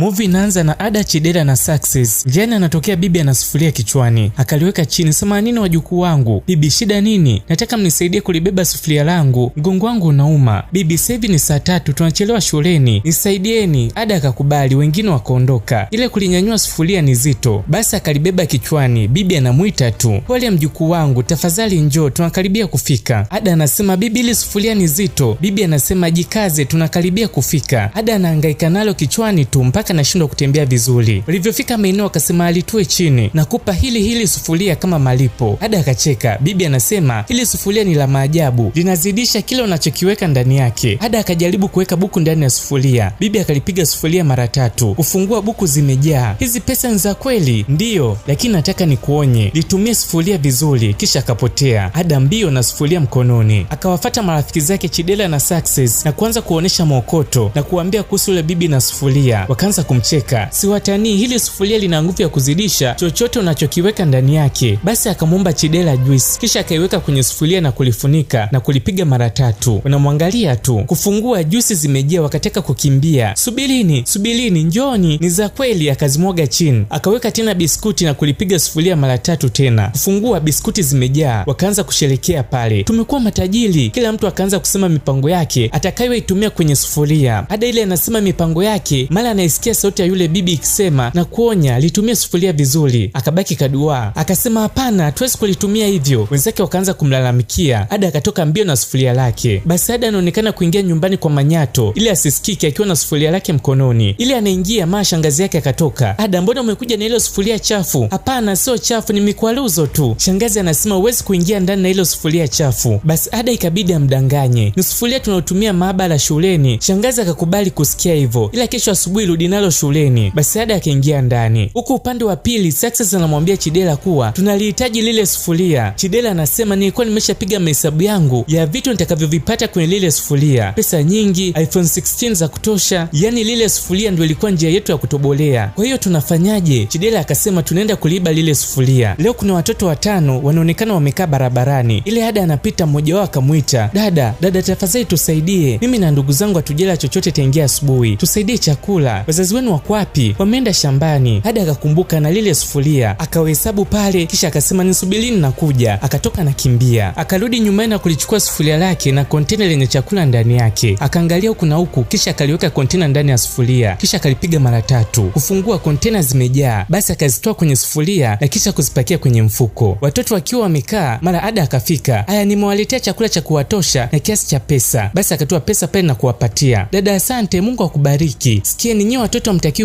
Movie inaanza na Ada Chidera na Success. Njiani anatokea bibi anasufuria kichwani. Akaliweka chini, sema nini wajukuu wangu? Bibi shida nini? Nataka mnisaidie kulibeba sufuria langu. Mgongo wangu unauma. Bibi sevi ni saa tatu tunachelewa shuleni. Nisaidieni. Ada akakubali, wengine wakaondoka. Ile kulinyanyua sufuria ni zito. Basi akalibeba kichwani. Bibi anamuita tu. Pole mjukuu wangu, tafadhali njoo, tunakaribia kufika. Ada anasema bibi, ile sufuria ni zito. Bibi anasema jikaze, tunakaribia kufika. Ada anahangaika nalo kichwani tu mpaka mpaka nashindwa kutembea vizuri. Walivyofika maeneo akasema alitue chini na kupa hili hili sufuria kama malipo. hada akacheka. Bibi anasema hili sufuria ni la maajabu, linazidisha kila unachokiweka ndani yake. hada akajaribu kuweka buku ndani ya sufuria, bibi akalipiga sufuria mara tatu, kufungua buku zimejaa. Hizi pesa ni za kweli? Ndiyo, lakini nataka nikuonye, litumie sufuria vizuri. Kisha akapotea. hada mbio na sufuria mkononi, akawafata marafiki zake Chidela na Success na kuanza kuonesha mokoto na kuambia kuhusu yule bibi na sufuria. Wakaanza kuanza kumcheka. Siwatanii, hili sufuria lina nguvu ya kuzidisha chochote unachokiweka ndani yake. Basi akamwomba Chidela juisi, kisha akaiweka kwenye sufuria na kulifunika na kulipiga mara tatu. Unamwangalia tu kufungua, juisi zimejaa, wakataka kukimbia. subilini subilini njoni, ni za kweli. Akazimwaga chini, akaweka tena biskuti na kulipiga sufuria mara tatu tena, kufungua, biskuti zimejaa, wakaanza kusherekea pale. Tumekuwa matajiri. Kila mtu akaanza kusema mipango yake atakayoitumia kwenye sufuria. Ada ile anasema mipango yake, mara anaisikia alisikia sauti ya yule bibi ikisema na kuonya litumie sufuria vizuri. Akabaki kadua akasema hapana, tuwezi kulitumia hivyo. Wenzake wakaanza kumlalamikia. Ada akatoka mbio na sufuria lake. Basi Ada anaonekana kuingia nyumbani kwa manyato ili asisikike, akiwa na sufuria lake mkononi. Ili anaingia, maa shangazi yake akatoka. Ada, mbona umekuja na ile sufuria chafu? Hapana, sio chafu, ni mikwaluzo tu. Shangazi anasema huwezi kuingia ndani na ile sufuria chafu. Basi Ada ikabidi amdanganye, ni sufuria tunaotumia maabara shuleni. Shangazi akakubali kusikia hivyo, ila kesho asubuhi rudi nalo shuleni. Basi Saada akaingia ndani, huku upande wa pili Success anamwambia Chidela kuwa tunalihitaji lile sufuria. Chidela anasema nilikuwa nimeshapiga mahesabu yangu ya vitu nitakavyovipata kwenye lile sufuria, pesa nyingi, iPhone 16 za kutosha, yani lile sufuria ndio ilikuwa njia yetu ya kutobolea. Kwa hiyo tunafanyaje? Chidela akasema tunaenda kuliba lile sufuria. Leo kuna watoto watano wanaonekana wamekaa barabarani, ile ada anapita, mmoja wao akamwita dada, dada tafadhali tusaidie, mimi na ndugu zangu hatujala chochote taingia asubuhi, tusaidie chakula wazazi wenu wako wapi? Wameenda shambani. Hadi akakumbuka na lile sufuria, akawahesabu pale, kisha akasema nisubilini na kuja. Akatoka na kimbia, akarudi nyumbani na kulichukua sufuria lake na kontena lenye chakula ndani yake. Akaangalia huku na huku, kisha akaliweka kontena ndani ya sufuria, kisha akalipiga mara tatu, kufungua kontena zimejaa. Basi akazitoa kwenye sufuria na kisha kuzipakia kwenye mfuko. Watoto wakiwa wamekaa, mara ada akafika, aya nimewaletea chakula cha kuwatosha na kiasi cha pesa. Basi akatoa pesa pale na kuwapatia. Dada, asante, Mungu akubariki. Sikieni nyinyi watoto hamtakiwi